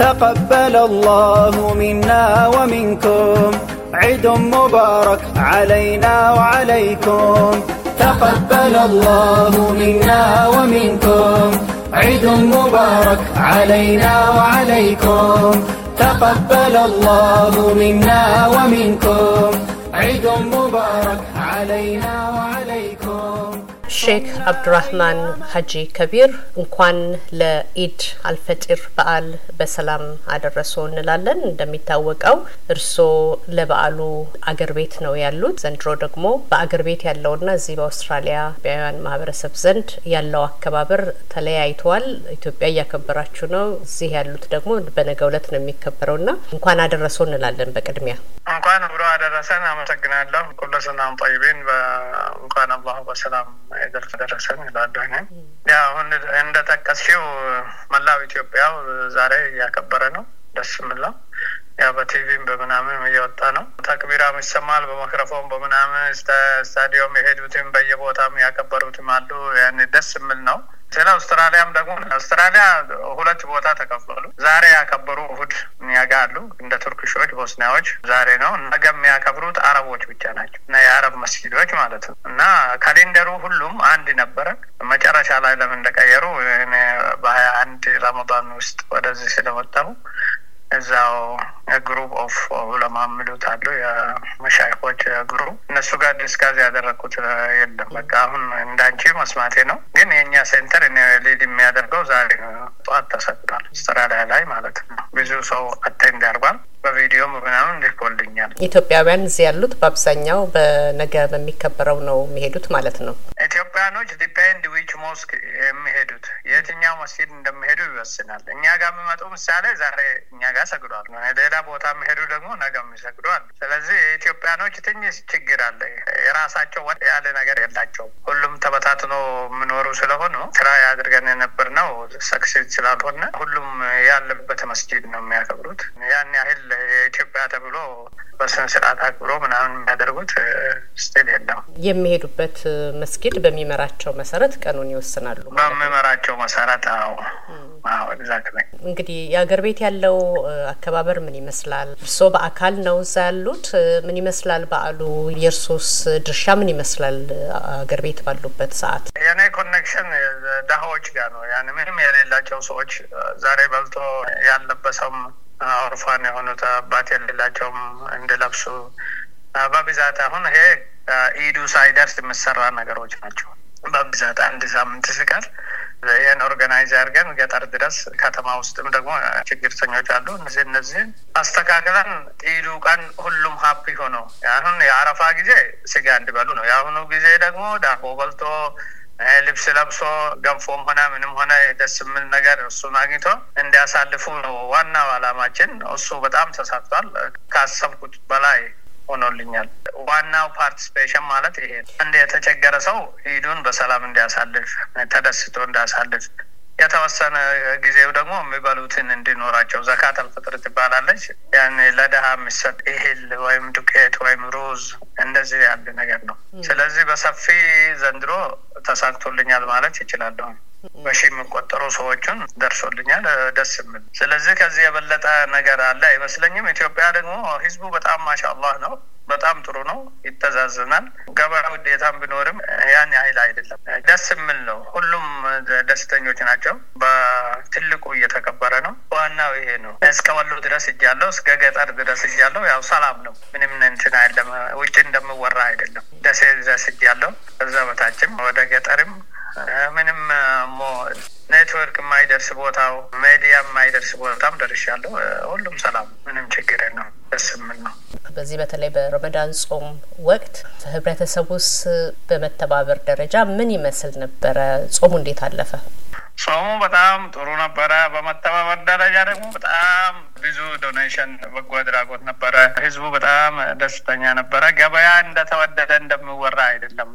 تقبل الله منا ومنكم عيد مبارك علينا وعليكم تقبل الله منا ومنكم عيد مبارك علينا وعليكم تقبل الله منا ومنكم عيد مبارك علينا ሼክ አብዱራህማን ሀጂ ከቢር እንኳን ለኢድ አልፈጢር በዓል በሰላም አደረሶ እንላለን። እንደሚታወቀው እርስዎ ለበዓሉ አገር ቤት ነው ያሉት። ዘንድሮ ደግሞ በአገር ቤት ያለውና እዚህ በአውስትራሊያ ኢትዮጵያውያን ማህበረሰብ ዘንድ ያለው አከባበር ተለያይተዋል። ኢትዮጵያ እያከበራችሁ ነው፣ እዚህ ያሉት ደግሞ በነገ እለት ነው የሚከበረውና እንኳን አደረሶ እንላለን በቅድሚያ እንኳን አብሮ አደረሰን። አመሰግናለሁ። ኩሉ ሰላም ጠይቤን በእንኳን አላሁ በሰላም የደርስ ደረሰን ይላለሁ። አሁን እንደጠቀስሽው መላው ኢትዮጵያ ዛሬ እያከበረ ነው። ደስ የምለው ያ በቲቪም በምናምን እየወጣ ነው። ተክቢራም ይሰማል። በማይክሮፎን በምናምን ስታዲየም የሄዱትም በየቦታም ያከበሩትም አሉ። ያኔ ደስ የምል ነው። ስለ አውስትራሊያም ደግሞ አውስትራሊያ ሁለት ቦታ ተከፈሉ። ዛሬ ያከበሩ እሁድ ያጋሉ እንደ ቱርክሾች፣ ቦስኒያዎች ዛሬ ነው ነገ የሚያከብሩት አረቦች ብቻ ናቸው እና የአረብ መስጊዶች ማለት ነው እና ካሌንደሩ ሁሉም አንድ ነበረ። መጨረሻ ላይ ለምን እንደቀየሩ በሀያ አንድ ረመዳን ውስጥ ወደዚህ ስለመጠሩ እዛው ግሩፕ ኦፍ ዑለማ የሚሉት አሉ የመሻይኮች ግሩፕ እነሱ ጋር ዲስካዝ ያደረግኩት የለም። በቃ አሁን እንዳንቺ መስማቴ ነው። ግን የእኛ ሴንተር ሊድ የሚያደርገው ዛሬ ጠዋት ተሰጥቷል፣ አውስትራሊያ ላይ ማለት ነው። ብዙ ሰው አቴንድ ያርጓል። በቪዲዮም ምናምን ልኮልኛል። ኢትዮጵያውያን እዚህ ያሉት በአብዛኛው በነገ በሚከበረው ነው የሚሄዱት ማለት ነው። ኢትዮጵያኖች ዲፔንድ ዊች ሞስክ የሚሄዱት የትኛው መስጊድ እንደሚሄዱ ይወስናል። እኛ ጋር የሚመጡ ምሳሌ ዛሬ እኛ ጋር ሰግዷል፣ ሌላ ቦታ የሚሄዱ ደግሞ ነገ የሚሰግዱ አሉ። ስለዚህ የኢትዮጵያኖች ትንሽ ችግር አለ። የራሳቸው ወጥ ያለ ነገር የላቸውም። ሁሉም ተበታትኖ የምኖሩ ስለሆኑ ስራ አድርገን የነበር ነው ሰክሲድ ስላልሆነ ሁሉም ያለበት መስጊድ ነው የሚያከብሩት ያን ያህል ለኢትዮጵያ ተብሎ በስነ ስርዓት አክብሮ ምናምን የሚያደርጉት ስቴል የለም። የሚሄዱበት መስጊድ በሚመራቸው መሰረት ቀኑን ይወስናሉ። በሚመራቸው መሰረት አዎ፣ አዎ አዎ እንግዲህ የአገር ቤት ያለው አከባበር ምን ይመስላል? እርስዎ በአካል ነው እዛ ያሉት። ምን ይመስላል በዓሉ? የእርሶስ ድርሻ ምን ይመስላል? አገር ቤት ባሉበት ሰዓት የኔ ኮኔክሽን ድሀዎች ጋር ነው። ያን ምንም የሌላቸው ሰዎች ዛሬ በልቶ ያለበሰውም አውርፋን የሆኑት አባት የሌላቸውም እንዲለብሱ በብዛት አሁን ይሄ ኢዱ ሳይደርስ የምሰራ ነገሮች ናቸው። በብዛት አንድ ሳምንት ሲቀር ይህን ኦርጋናይዝ አድርገን ገጠር ድረስ ከተማ ውስጥም ደግሞ ችግርተኞች አሉ። እነዚህ እነዚህን አስተካክለን ኢዱ ቀን ሁሉም ሀፒ ሆነው አሁን የአረፋ ጊዜ ስጋ እንዲበሉ ነው። የአሁኑ ጊዜ ደግሞ ዳቦ በልቶ ልብስ ለብሶ ገንፎም ሆነ ምንም ሆነ ደስ የምል ነገር እሱን አግኝቶ እንዲያሳልፉ ነው ዋናው አላማችን። እሱ በጣም ተሳትቷል ካሰብኩት በላይ ሆኖልኛል። ዋናው ፓርቲስፔሽን ማለት ይሄ እንደ የተቸገረ ሰው ሂዱን በሰላም እንዲያሳልፍ ተደስቶ እንዲያሳልፍ የተወሰነ ጊዜው ደግሞ የሚበሉትን እንዲኖራቸው ዘካት አልፍጥር ትባላለች። ያን ለድሀ የሚሰጥ እህል ወይም ዱቄት ወይም ሩዝ እንደዚህ ያለ ነገር ነው። ስለዚህ በሰፊ ዘንድሮ ተሳክቶልኛል ማለት ይችላለሁ። በሺ የሚቆጠሩ ሰዎችን ደርሶልኛል። ደስ የምል ስለዚህ ከዚህ የበለጠ ነገር አለ አይመስለኝም። ኢትዮጵያ ደግሞ ህዝቡ በጣም ማሻ አላህ ነው። በጣም ጥሩ ነው። ይተዛዘናል። ገበያ ውዴታም ቢኖርም ያን ያህል አይደለም። ደስ የሚል ነው። ሁሉም ደስተኞች ናቸው። በትልቁ እየተከበረ ነው። ዋናው ይሄ ነው። እስከ ወሎ ድረስ እጃለሁ፣ እስከ ገጠር ድረስ እጃለሁ። ያው ሰላም ነው። ምንም እንትን አይደለም። ውጭ እንደምወራ አይደለም። ደሴ ድረስ እጃለሁ። እዛ በታችም ወደ ገጠርም ምንም ኔትወርክ የማይደርስ ቦታው ሜዲያ የማይደርስ ቦታም ደርሻለሁ። ሁሉም ሰላም፣ ምንም ችግር ነው። ደስ የምል ነው። በዚህ በተለይ በረመዳን ጾም ወቅት ህብረተሰቡስ በመተባበር ደረጃ ምን ይመስል ነበረ? ጾሙ እንዴት አለፈ? ጾሙ በጣም ጥሩ ነበረ። በመተባበር ደረጃ ደግሞ በጣም ብዙ ዶኔሽን በጎ አድራጎት ነበረ። ህዝቡ በጣም ደስተኛ ነበረ። ገበያ እንደተወደደ እንደሚወራ አይደለም።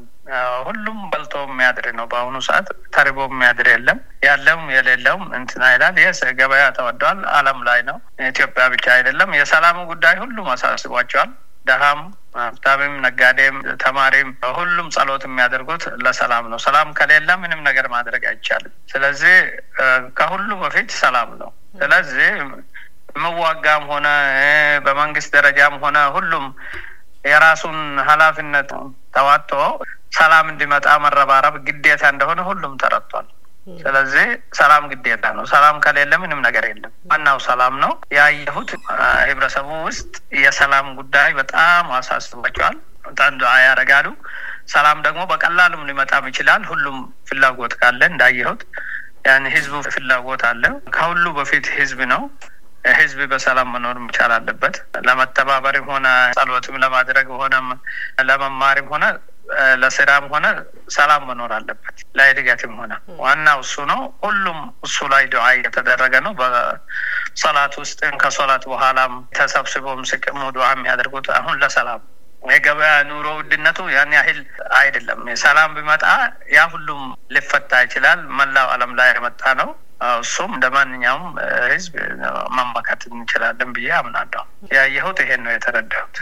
ሁሉም በልቶ የሚያድር ነው። በአሁኑ ሰዓት ተርቦ የሚያድር የለም። ያለውም የሌለውም እንትና ይላል። የስ ገበያ ተወዷል። ዓለም ላይ ነው። ኢትዮጵያ ብቻ አይደለም። የሰላሙ ጉዳይ ሁሉም አሳስቧቸዋል። ደሃም ሀብታምም፣ ነጋዴም፣ ተማሪም ሁሉም ጸሎት የሚያደርጉት ለሰላም ነው። ሰላም ከሌለ ምንም ነገር ማድረግ አይቻልም። ስለዚህ ከሁሉ በፊት ሰላም ነው። ስለዚህ ምዋጋም ሆነ በመንግስት ደረጃም ሆነ ሁሉም የራሱን ኃላፊነት ተዋጥቶ ሰላም እንዲመጣ መረባረብ ግዴታ እንደሆነ ሁሉም ተረቷል ስለዚህ ሰላም ግዴታ ነው። ሰላም ከሌለ ምንም ነገር የለም። ዋናው ሰላም ነው። ያየሁት ህብረተሰቡ ውስጥ የሰላም ጉዳይ በጣም አሳስባቸዋል። ጠንዶ ያደርጋሉ። ሰላም ደግሞ በቀላሉም ሊመጣም ይችላል። ሁሉም ፍላጎት ካለ እንዳየሁት ያን ህዝቡ ፍላጎት አለ። ከሁሉ በፊት ህዝብ ነው። ህዝብ በሰላም መኖር መቻል አለበት። ለመተባበርም ሆነ ጸሎትም ለማድረግ ሆነም ለመማርም ሆነ ለስራም ሆነ ሰላም መኖር አለበት። ለእድገትም ሆነ ዋናው እሱ ነው። ሁሉም እሱ ላይ ዱዓ እየተደረገ ነው። በሰላት ውስጥም ከሶላት በኋላም ተሰብስቦም ስቅሙ ዱዓ የሚያደርጉት አሁን ለሰላም የገበያ ኑሮ ውድነቱ ያን ያህል አይደለም። ሰላም ቢመጣ ያ ሁሉም ሊፈታ ይችላል። መላው ዓለም ላይ የመጣ ነው። እሱም እንደ ማንኛውም ህዝብ መመካት እንችላለን ብዬ አምናለሁ። ያየሁት ይሄን ነው የተረዳሁት።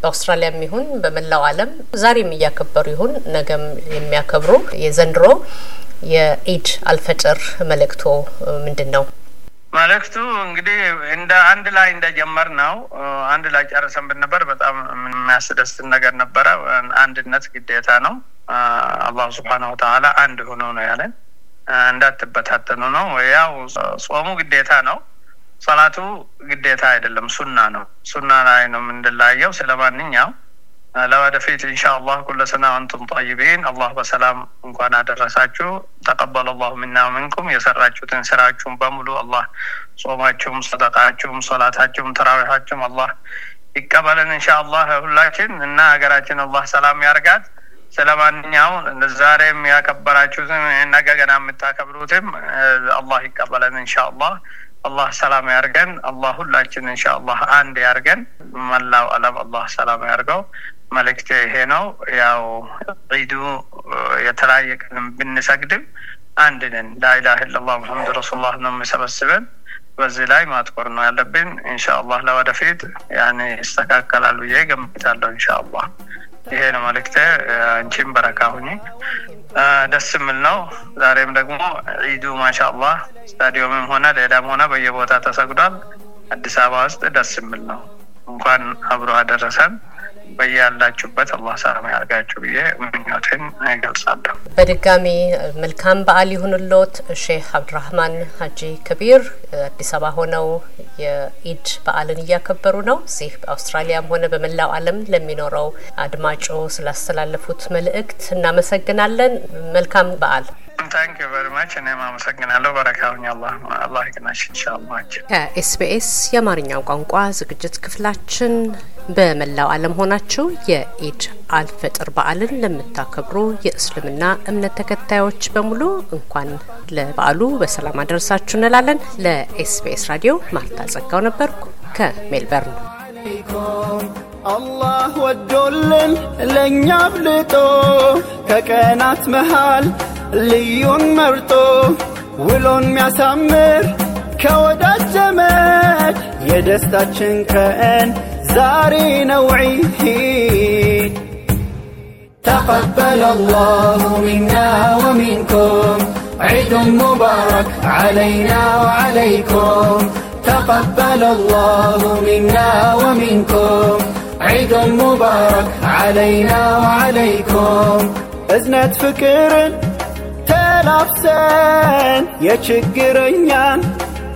በአውስትራሊያም ይሁን በመላው ዓለም ዛሬም እያከበሩ ይሁን ነገም የሚያከብሩ የዘንድሮ የኢድ አልፈጥር መልእክቶ ምንድን ነው? መልእክቱ እንግዲህ እንደ አንድ ላይ እንደጀመር ነው አንድ ላይ ጨርሰንብን ነበር። በጣም የሚያስደስትን ነገር ነበረ። አንድነት ግዴታ ነው። አላሁ ስብሓነሁ ተላ አንድ ሆኖ ነው ያለን። እንዳትበታተኑ ነው። ያው ጾሙ ግዴታ ነው። ሰላቱ ግዴታ አይደለም፣ ሱና ነው። ሱና ላይ ነው የምንድላየው ስለ ማንኛው ለወደፊት ኢንሻአላህ ኩለ ሰና አንቱም ጠይቢን አላህ በሰላም እንኳን አደረሳችሁ ተቀበለ አላሁ ምና ምንኩም የሰራችሁትን ስራችሁም በሙሉ አላህ ጾማችሁም ሰደቃችሁም ሶላታችሁም ተራዊሓችሁም አላህ ይቀበልን ኢንሻአላህ ሁላችን እና ሀገራችን አላህ ሰላም ያርጋት ስለ ማንኛውም ዛሬ ያከበራችሁትም ነገ ገና የምታከብሩትም አላህ ይቀበለን ኢንሻአላህ አላህ ሰላም ያርገን አላህ ሁላችን ኢንሻአላህ አንድ ያርገን መላው አለም አላህ ሰላም ያርገው መልእክቴ ይሄ ነው። ያው ዒዱ የተለያየ ቀንም ብንሰግድም አንድ ነን። ላኢላህ ኢላላህ ሙሐመድ ረሱሉላህ ነው የሚሰበስበን። በዚህ ላይ ማትኮር ነው ያለብን። ኢንሻአላህ ለወደፊት ያኔ ይስተካከላል ብዬ ገምታለሁ። ኢንሻአላህ ይሄ ነው መልእክቴ። አንቺም በረካ ሁኚ። ደስ የሚል ነው። ዛሬም ደግሞ ዒዱ ማሻአላህ ስታዲየምም ሆነ ሌላም ሆነ በየቦታ ተሰግዷል። አዲስ አበባ ውስጥ ደስ የሚል ነው። እንኳን አብሮ አደረሰን። በያላችሁበት አላህ ሰላም ያርጋችሁ ብዬ ምኞትን እገልጻለሁ። በድጋሚ መልካም በዓል ይሁንሎት። ሼህ አብዱራህማን ሀጂ ከቢር አዲስ አበባ ሆነው የኢድ በዓልን እያከበሩ ነው። እዚህ በአውስትራሊያም ሆነ በመላው ዓለም ለሚኖረው አድማጮ ስላስተላለፉት መልእክት እናመሰግናለን። መልካም በዓል እኔም ታንክ ቨሪ ማች እኔም አመሰግናለሁ። በረካሁኝ ይቅናሽ። ከኤስቢኤስ የአማርኛው ቋንቋ ዝግጅት ክፍላችን በመላው ዓለም ሆናችሁ የኢድ አልፈጥር በዓልን ለምታከብሩ የእስልምና እምነት ተከታዮች በሙሉ እንኳን ለበዓሉ በሰላም አደረሳችሁ እንላለን። ለኤስቢኤስ ራዲዮ ማርታ ጸጋው ነበርኩ ከሜልበርን። አላህ ወዶልን ለእኛ አብልጦ ከቀናት መሃል ልዩን መርጦ ውሎን ሚያሳምር ከወዳጅ ዘመድ የደስታችን ቀን ዛሬ ነው نوعي تقبل الله منا ومنكم عيد مبارك علينا وعليكم تقبل الله منا ومنكم عيد مبارك علينا وعليكم ازنت فكر ተላፍሰን የችግረኛን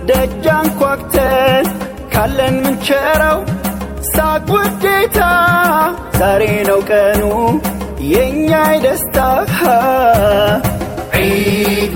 ደጃን ኳክተን ካለን ምንቸረው ሳቅ ውዴታ ዛሬ ነው ቀኑ የእኛ ደስታ ዒድ